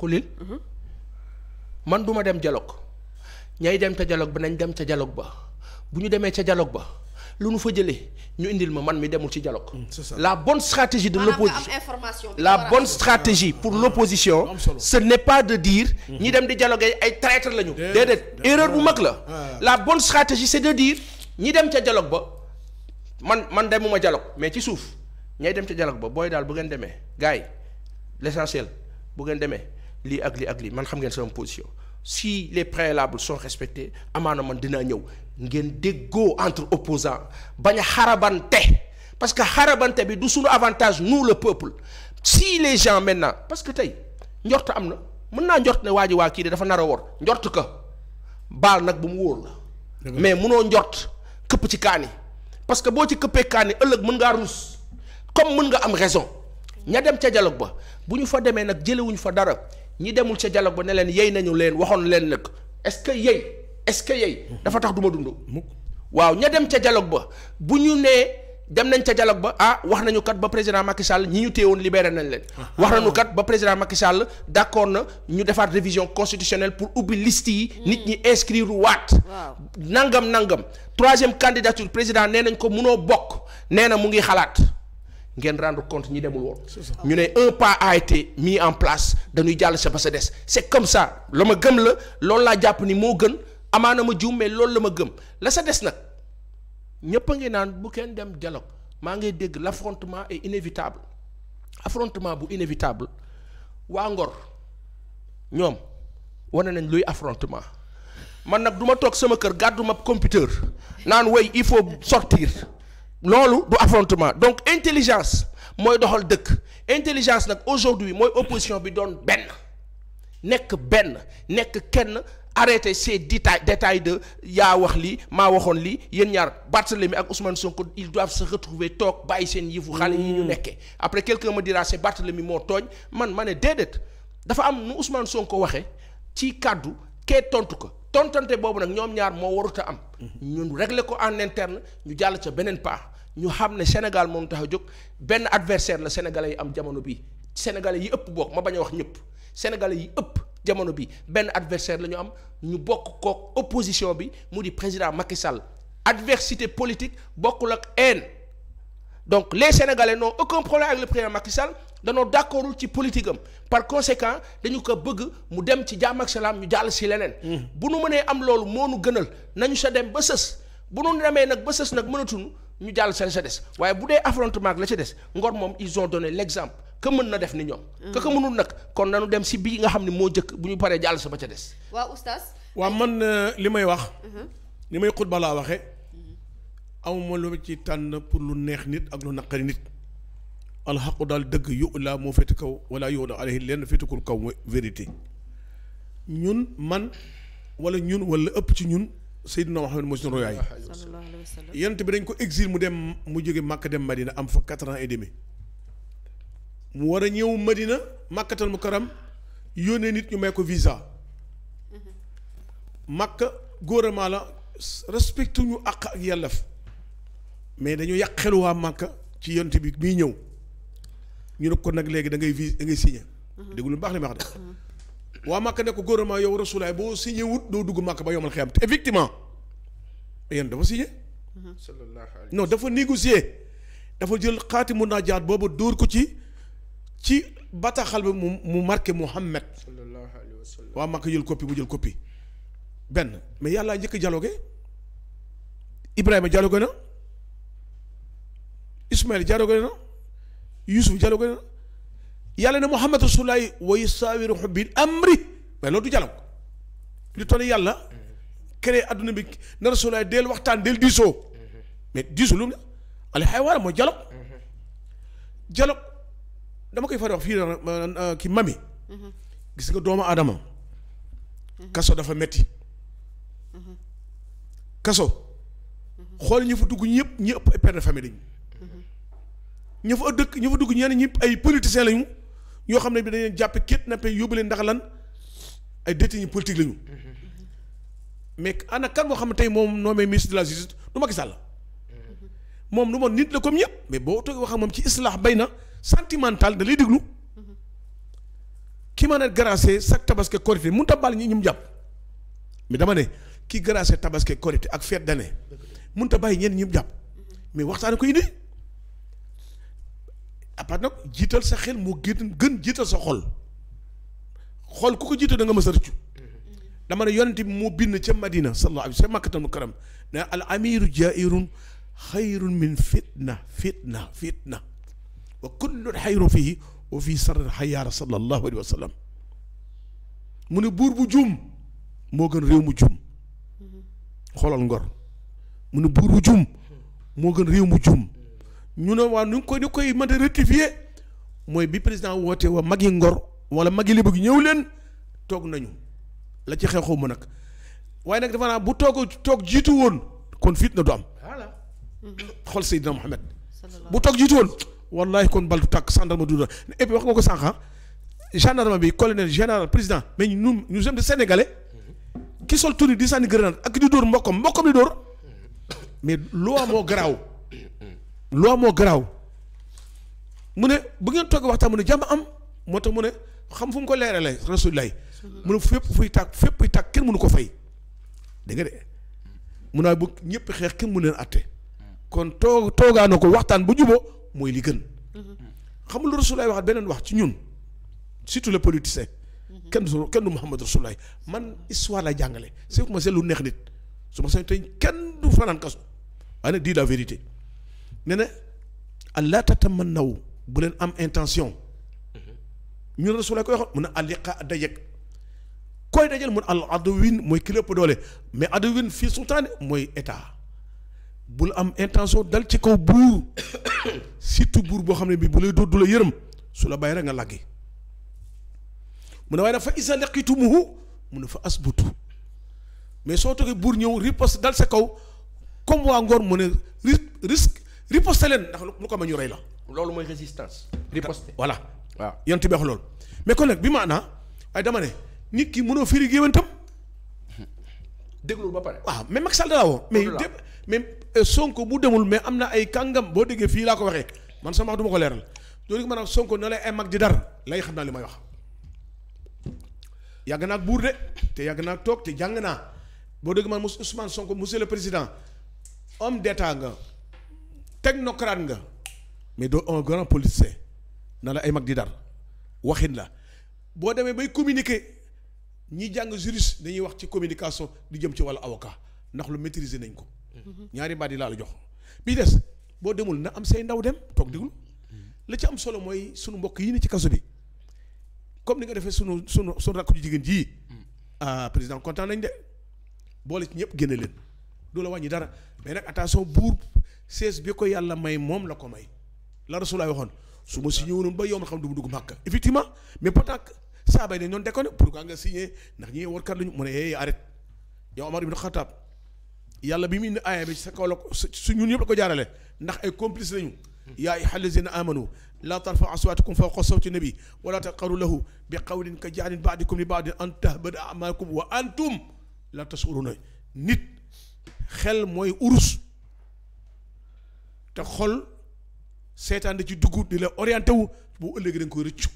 xulil man duma dem dialogue ñay dem ca dialogue ba nañ dem ca dialogue ba bu ñu demee ca dialogue ba lu nu fa jëlee ñu indil ma man mi demul ci dialogue mm, la bonne stratégie de l'opposition la bonne stratégie pour ah, l'opposition ce n'est pas de dire mm-hmm. ñi dem di dialoguer ay traître lañu déedéet erreur bu mag la ah. la bonne stratégie c'est de dire ñi dem ca dialogue ba man man demuma dialogue mais ci suuf ñay dem ca dialogue ba booy daal bu ngeen demee gars yi l'essentiel bu ngeen demee lii ak lii ak lii man xam ngeen sama position si les préalables sont respectés amaana man dinaa ñëw ngeen déggoo entre opposants bañ xarabante parce que xarabante bi du suñu avantage nous le peuple si les gens maintenant parce que tey njort am na mën naa njort ne waa waa kii de dafa nar a wor njort ka baal nag bu mu wóor la mais munoo njort këpp ci kaani parce que boo ci këppee kaani ëllëg mën ngaa ruus comme mën nga am raison ña dem ca dialogue ba bu ñu fa demee nag jëlewuñu fa dara ñi demul ca dialogue ba ne leen yey nañu leen waxoon leen nag est-ce que yey est-ce que yey dafa tax du ma dund waaw ña dem ca dialogue ba bu ñu nee dem nañ ca dialogue ba ah wax nañu kat ba président Macky Sall ñi ñu téewoon libéré nañ leen. Ah. wax nañu kat ba président Macky Sall na ñu defaat révision constitutionnelle pour ubbi liste yi. Hmm. nit ñi inscrire waat. nangam nangam troisième candidature président nee nañ ko munoo bokk nee na mu ngi xalaat. ngeen rendre compte ñi demul woon. ñu ne un pas at été mis en place dañuy jàll sa ba sa des c'est comme ça la ma gëm la loolu laa jàpp ni moo gën amaana ma juum mais loolu la ma gëm la sa des nag ñëpp a ngi naan bu kenn dem dialogue maa ngi dégg l'affrontement est inévitable affrontement bu inévitable waa Ngor ñoom wane nañ luy affrontement man nag du ma toog sama kër gàdduma ma computer naan way il faut sortir. loolu du affrontement donc intelligence mooy doxal dëkk intelligence nag aujourd'hui mooy opposition bi doon benn nekk benn nekk kenn arrêter ces détails détails de yaa wax lii maa waxoon lii yéen ñaar Barthélemy ak Ousmane Sonko ils doivent se retrouver toog bàyyi seen yëfu xale yi ñu hmm. nekkee après quelqu'un me dira c'est Barthélemy moo tooñ man ma ne déedéet dafa am nu Ousmane ko waxee ci kàddu kee tontu ko tontante boobu nag ñoom ñaar moo warut a am. ñun régler ko en interne ñu jàll ca beneen pas ñu xam ne Sénégal moom tax a jóg benn adversaire la sénégalais yi am jamono bii sénégalais yi ëpp bokk ma bañ a wax ñëpp sénégalais yi ëpp jamono bi benn adversaire la ñu am ñu bokk kook opposition bi mu di président Macky Sall adversité politique bokkul ak haine donc les sénégalais n'ont aucun problème avec le président Macky danoo d'accordul ci politique am par conséquent dañu ko bëgg mu dem ci jàmm ak salaam ñu jàll si leneen. Hmm. bu nu mënee am loolu moo nu gënal nañu sa dem ba sës bu nu demee nag ba sës nag mënatul ñu jàll sa la sa des waaye bu dee affrontement ak la ca des ngor moom ils ont donné l'exemple que mën na def ni ñoom. Hmm. que ko mënul nag kon nañu dem si bii nga xam ne moo jëkk bu ñu paree jàll sa ba ca des. waa oustaz. waaw man euh, li may wax. li uh-huh. may xutba balaa waxee. Hmm. amuma lu ci tànn pour lu neex nit ak lu naqari alxaqu daal dëgg yu laa moo féete kaw wala yow na alayhi lenn féetekul kaw mooy vérité ñun man wala ñun wala ëpp ci ñun Seydina Muhammad mooy suñu royaay yent bi dañ ko exil mu dem mu jóge màkk dem Madina am fa quatre ans et mu war a ñëw Madina Màkkatal mu karam yónnee nit ñu may ko visa Màkka gouvernement la respecte ñu àq ak yàllaf mais dañu yàqelu waa Màkka ci yent bi muy ñëw ñu ne kon nag léegi da ngay vi da ngay signé. Mhm. déglu lu baax li ma wax de. Mhm. waa Màkka ne ko gouvernement yow rasulaay boo signé wut doo dugg Màkka ba yomal xiyam te effectivement yéen dafa signé. Mhm. non dafa négocié. dafa jël xaatimu najaat boobu dóor ko ci ci bataaxal mu mu marqué Muhammad. sallallahu alayhi wa waa Màkka jël copie mu jël copie. benn mais yàlla njëkk a dialogué Ibrahima dialogué na Ismaël dialogué na. Youssouf dialogue na yàlla ne Muhammad Rasulullahi wa yusaawiruhu bil amri mais loolu du dialogue li toll yàlla créé àdduna bi na Rasulullahi del waxtaan del diisoo mais diisoo lu mu la al xayawaan mooy dialogue dialogue dama koy faral wax fii ki mami gis nga doomu aadama kaso dafa metti kaso xool ñu fa dugg ñëpp ñi ëpp père de famille dañu ña fa dëkk ña fa dugg ñenn ñi ay politiciens lañu yoo xam ne bi dañ leen jàppe kidnappé yóbbu leen ndax lan ay détenus politique lañu mais ana kan boo xam ne tey moom nommé ministre la justice du Macky Sall moom du moom nit la comme ñëpp mais boo toogee wax moom ci islaax bay na sentimental da lay déglu ki mën a gracé sax tabaski korité mënut a baal ñi ñu jàpp mais dama ne kii gracé tabaski korité ak fête d'année mënut a bàyyi ñenn ñi jàpp mais waxtaan ko indi. après nag jiital sa xel moo gën gën jiital sa xol xol ku ko jiital da nga mës a rëccu dama ne yonent bi moo bind ca Madina sallallahu alayhi wa sallam makkatal mukarram ne al amiru min fitna fitna fitna wa kullu xayru fii wa fii sarr xayaara sallallahu alayhi mu ne buur bu juum moo gën réew mu juum xoolal ngor mu ne buur bu juum moo gën réew mu juum ñu ne waa nu ko ñu koy mën a rectifier mooy bi président woote wa magi ngor wala magi li bëgg ñëw leen toog nañu la ci xew xaw ma nag waaye nag dafa naa bu toog toog jiitu woon kon fitna du am xool Seydina Mohamed bu toog jiitu woon wallahi kon bal takk tàkk gendarme du doon et wax nga ko sànq ah, gendarme bi colonel général président mais ñun nous sommes ki sol tuni di sànni grenade ak di dóor mbokkam mbokkam di dóor mm-hmm. mais loi moo garaaw loi moo garaaw mu ne bu ngeen toog waxtaan mu ne jàmm am moo tax mu ne xam fu mu ko leeralee rasulullah mu ne fu fuy tàkk fépp fuy takk kenn mënu ko fay dégg de mun naa bëgg ñëpp xeex kenn mënu leen atte kon toog toogaana ko waxtaan ba juboo mooy li gën xam lu rasulullah waxaat beneen wax ci ñun surtout le politiciens kenn du kenn du Muhammad rasulullah man histoire lay jàngale c'est ma seet lu neex nit su ma sañ tey kenn du fanaan kaso waaye nag di la vérité ne na allah tatamannaw bu leen am intention ñu ne Rasulullah koy waxoon mun a alliqa dajeg koy dajal mun al aduwin mooy ki lépp doole mais aduwin fii sultaane mooy état bul am intention dal ci kaw buur surtout buur boo xam ne bi bu lay dóor du la yërëm su la bàyyi rek nga làggi mu ne waaye nag fa isa laqitumuhu mun ne fa asbutu mais soo toogee buur ñëw riposte dal sa kaw comme waa ngoor mu ne risque riposte leen ndax lu ko ma ñu rey la. loolu mooy résistance. riposte voilà. waaw yan ti beex loolu. mais kon bi maanaa ay dama ne nit ki mënoo firi géwéntam. déglul ba pare. waaw mais Macky Sall dalawoo. mais mais euh, Sonko bu demul mais am na ay kàngam boo déggee fii laa ko waxee man sama wax du ko leeral loolu maanaam Sonko na lay ay mag di dar lay xam naa li may wax. yàgg naa ak buur de te yàgg naa toog te jàng naa boo dégg man Ousmane Sonko monsieur le président homme d'état nga. teg technocrate nga mais doo un grand politicien na la ay mag di dar waxin la boo demee bay communiqué ñi jàng juriste dañuy wax ci communication di jëm ci wàllu awoka ndax lu maîtriser nañ ko. ñaari baat laa la jox. bii des boo demul na am say ndaw dem toog digul la ci am solo mooy sunu mbokk yi ni ci kaso bi comme ni nga defee sunu sunu sunu rakk ju jigéen jii. Hmm. ah président kontaan nañ de boole ci ñëpp génne leen du la wàññi dara mais nag attention buur sees bi ko yàlla may moom la ko may la rasulaay waxoon su ma si woon ba yow ma xam du mu dugg màkk effectivement mais pourtant saaba yi dañ doon déconné pourquoi nga signé ndax ñi warkat lañu mu ne eh arrête yow Omar ibn Khattab yàlla bi mu indi aaya bi sa kaw la su ñun ñëpp la ko jaarale ndax ay complice lañu. yaa ayyuhal lazina amanu laa tarfa'u aswaatakum fawqa bi nabi wala taqaru lahu bi qawlin ka ja'rin ba'dikum li ba'din an tahbada a'maalukum wa antum laa tash'uruun nit xel mooy urus. te xol seetaan da ci dugg di la orienté wu bu ëllëgee da nga koy rëccu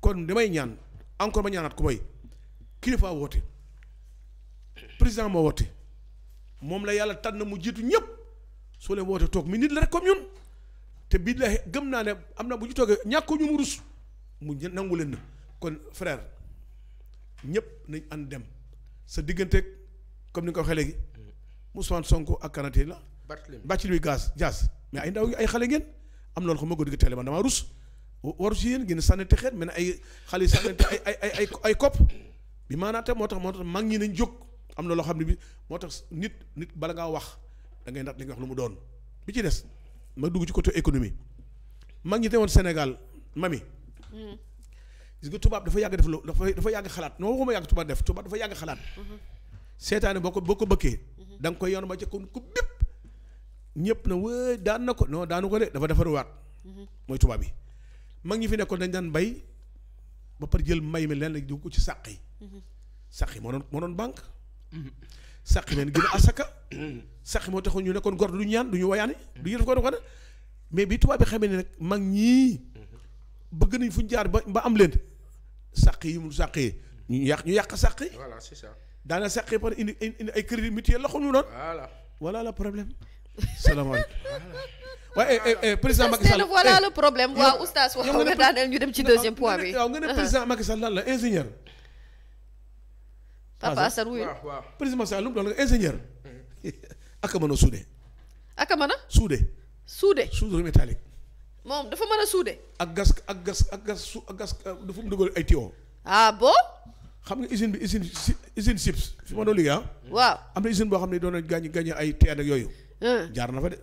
kon damay ñaan encore ma ñaanaat ku may kilifa woote président moo woote moom la yàlla tan na mu jiitu ñëpp soo leen woote toog mi nit la rek comme ñun te billahi gëm naa ne am na bu ñu toogee ñàkkoo ñu mu rus mu nangu leen na kon frère ñëpp nañ ànd dem sa diggante comme ni nga ko waxee léegi son Sonko ak kanate la Barthélemy Barthélemy Dias mais ay ndaw ay xale ngeen am loolu xam ma guddi gi télé man damaa rus waru si yéen ngeen sànni te mel ne ay xale sànni ay ay kopp bi maanaate moo tax moo tax mag ñi nañ jóg am na loo xam ne bi moo tax nit nit bala ngaa wax da ngay nat li nga wax lu mu doon bi ci des ma dugg ci côté économie mag ñi teewoon Sénégal mami gis nga tubaab dafa yàgg def lo dafa dafa yàgg xalaat noo waxuma yàgg tubaab def tubaab dafa yàgg xalaat mhm. seetaane boo ko boo ko bëkkee mhm. da nga koy yoon ba ca ñëpp na wëy daan na ko non daanu ko de dafa defaruwaat mm-hmm. mooy tubaab yi mag ñi fi nekkoon dañ daan bay ba pare jël mbay mi leen di ko ci sàq yi mm-hmm. sàq yi moo doon moo doon banque mm-hmm. sàq a asaka sàq moo taxoon ñu nekkoon gor du ñaan du ñu wayaani du ñu def ko def mais bi tubaab bi xamee ne nag mag ñii bëgg nañ fu ñu jaar ba ba am leen sàq yi mu sàq yi ñu yàq ñu yàq sàq yi voilà daana sàq yi par indi indi ay crédit mutuel la xam ñu doon voilà la problème salaamaaleykum. waaye eh, eh, eh, président Macky Sall voilà le problème waaw nga daaneel ñu dem ci deuxième point bi. waaw nga ne uh-huh. président Macky Sall la ingénieur. papa Assane wuyu waaw waaw président Macky lu mu doon ingénieur. Uh-huh. ak a mën a suude. ak a mën a. suude. suude soudure métallique. moom dafa mën a suude. ak gas ak gas ak gas su ak gas dafa mu dugal ay tuyaux. ah bon. xam nga usine bi usine si usine SIPS fi ma doon liggéey ah? waaw am na usine boo xam ne doon nañ gaañ gaañ ay teen ak yooyu. jaar na fa de.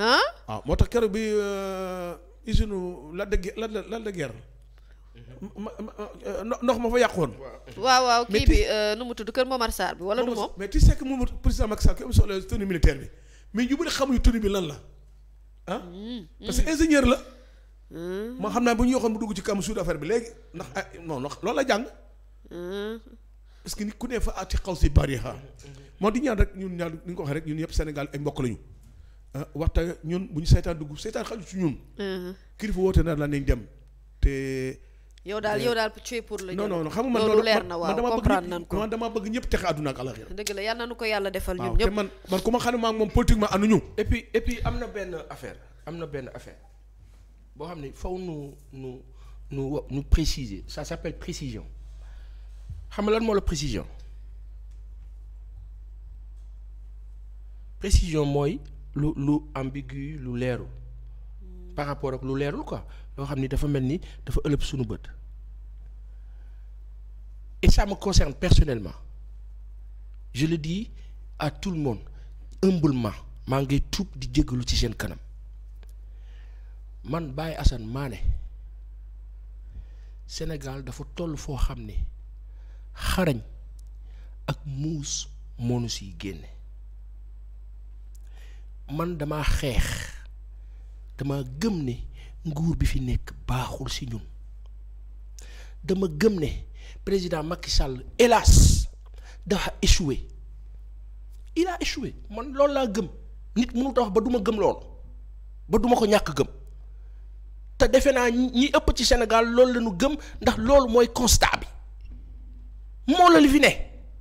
waaw ah, moo tax keroog bi euh, usine la de la la la guerre. ndox ma fa yàqoon. waaw waaw kii bi euh, nu mu tudd kër at Sarr bi wala du moom. mais tu sais que moom président Macky Sall ki am solo tenue militaire bi mais ñu bëri xamuñu tenue bi lan la ah. Hmm, hmm. parce que ingénieur la. ma xam naa bu ñu waxoon bu dugg ci kam suuf affaire bi léegi ndax ah non non la jàng. parce que nit ku ne fa ati xaw si bariha moo di ñaan rek ñun ñaan ni nga ko waxee rek ñun yëpp Sénégal ay mbokk lañu ah waxta ñun bu ñu saytaan dugg saytaan xaju si ñun. Uh-huh. kilifa woote na la nañ dem te. yow daal eh, yow daal tu es pour la. non non non xam nga man loolu leer na waaw comprendre nañ ko man damaa bëgg ñëpp texe àdduna ak alaxira. dëgg la yal na nu ko yàlla defal ñun ñëpp. te man man ku ma xam ne maa ngi moom politiquement ànduñu. et puis am na benn affaire am na benn affaire boo xam ne faw nu nu nu nu préciser ça xam nga lan moo la précision précision mooy lu lu ambigu lu leeru hmm. par rapport ak lu leeru ko loo xam ni dafa mel ni dafa ëlëb sunu bët et ça me concerne personnellement je le dis à tout le monde ma maa ngi tuub di jéggalu ci seen kanam man Baye Assane maa Sénégal dafa toll foo xam ni. xarañ ak muus moonu siy génne man dama xeex dama gëm ne nguur bi fi nekk baaxul si ñun dama gëm ne président Macky Sall hélas dafa échoué il a man loolu laa gëm nit mënul tax ba duma gëm loolu ba duma ko ñàkk gëm te defe naa ñi ëpp ci senegal loolu la gëm ndax loolu mooy constat bi moo la li fi ne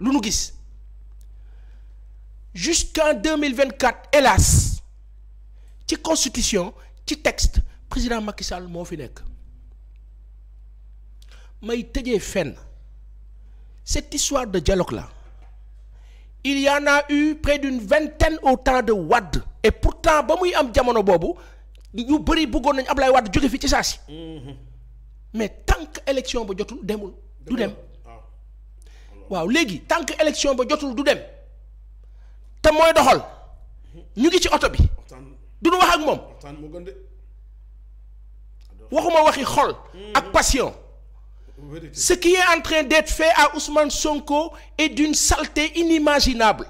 lu nu gis jusqu'en deux mille vingt quatre hélas ci constitution ci texte président Macky moo fi nekk may tëjee fenn cette histoire de dialogue la il y en a eu près d'une vingtaine au temps de Wade et pourtant ba muy am jamono boobu ñu bëri bëggoon nañu Ablaye Wade jóge fii ci saa si mm-hmm. mais tant que ba jotul demul du dem waaw léegi tant que élection ba jotul du dem te mooy doxal ñu ngi ci oto bi duñu wax ak moom waxuma waxi xol hmm. ak passion ce qui est en train d'être fait à Ousmane Sonko est d'une saleté inimaginable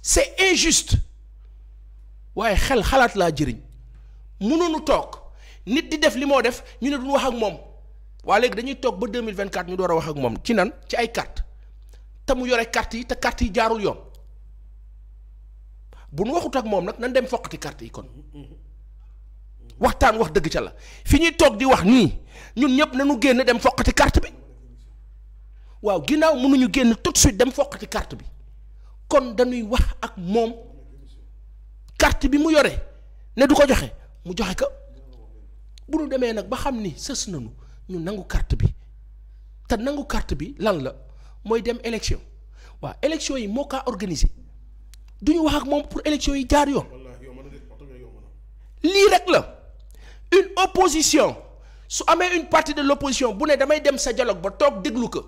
c'est injuste waaye xel xalaat laa jëriñ mënuñu toog nit di def li moo def ñu ne duñu wax ak moom waa léegi dañuy toog ba 2024 ñu door a wax ak moom ci nan ci ay carte te mu yore carte yi te carte yi jaarul yoon bu nu waxut ak moom nag nan dem foqati carte yi kon waxtaan wax dëgg ca la fi ñuy toog di wax nii ñun ñëpp nañu génn dem foqati carte bi waaw ginnaaw ñu génn tout de suite dem foqati carte bi kon dañuy wax ak moom carte bi mu yore ne du ko joxe mu joxe ka bu nu demee nag ba xam ni sës nañu ñu nangu carte bi te nangu carte bi lan la mooy dem élection waaw élection yi moo kaa organisé du ñu wax ak moom pour élection yi jaar yoon lii rek la une opposition su amee une partie de l'opposition bu ne damay dem sa dialogue ba toog déglu ko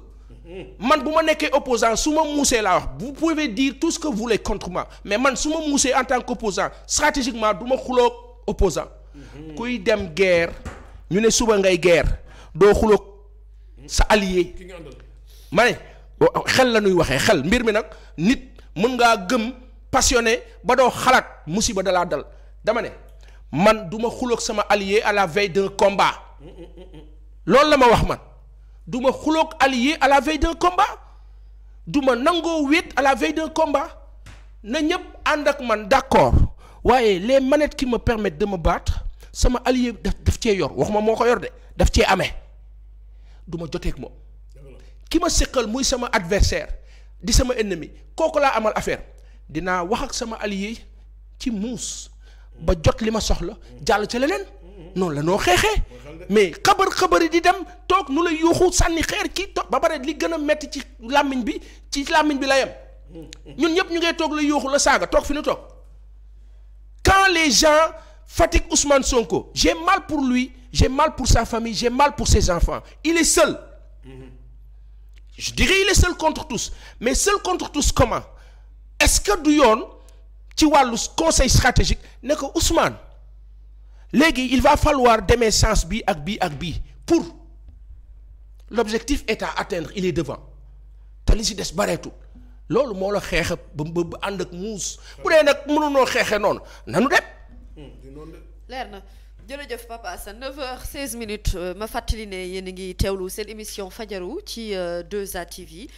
man bu ma nekkee opposant su ma muusee laa wax vous pouvez dire tout ce que vous voulez contre mais man su ma muusee en tant qu'opposant stratégiquement du ma xuloog opposant kuy dem guerre ñu ne suba ngay guerre doo xuloog sa allié ma xel la nuy waxee xel mbir mi nag nit mën ngaa gëm passionné ba doo xalaat musiba dalaa dal dama ne man duma xuloog sama allier à la veille d'un combat loolu la ma wax man duma xuloog allier à la veille d'un combat du nangoo wéet à la veille d'un combat na ñëpp ànd ak man d'accord waaye les manettes qui ma permettent de me battre sama allié daf daf cee yor waxuma moo ko yor de daf cee amee du ma joteeg moom ki ma séqal muy sama adversaire di sama ennemi kooku laa amal affaire dinaa wax ak sama allié ci muus ba jot li ma soxla jàll ci leneen noonu la noo xeexee mais xabar xabar di dem toog nu la yuuxu sànni xeer ki toog ba pare li gën a metti ci làmmiñ bi ci làmmiñ bi la yem ñun ñëpp ñu ngay toog la yuuxu la saaga toog fi nu toog quand les gens fatiguent Ousmane Sonko j'ai mal pour lui j'ai mal pour sa famille j'ai mal pour ses enfants il est seul je dirais il est seul contre tous mais seul contre tous comment est-ce que du yoon ci wàllu conseil stratégique ne ko Ousmane léegi il va falloir demee sens bi ak bii ak bii pour l'objectif est à atteindre il est devant te li si des bareetul loolu moo la xeex ba ba ànd ak muus bu dee mu mënunoo xeexee noonu nanu dem hmm, na jërëjëf Papa Assane 9h16 minutes euh, ma fàttali ne yéen a ngi teewlu seen émission fajaru ci 2A euh, TV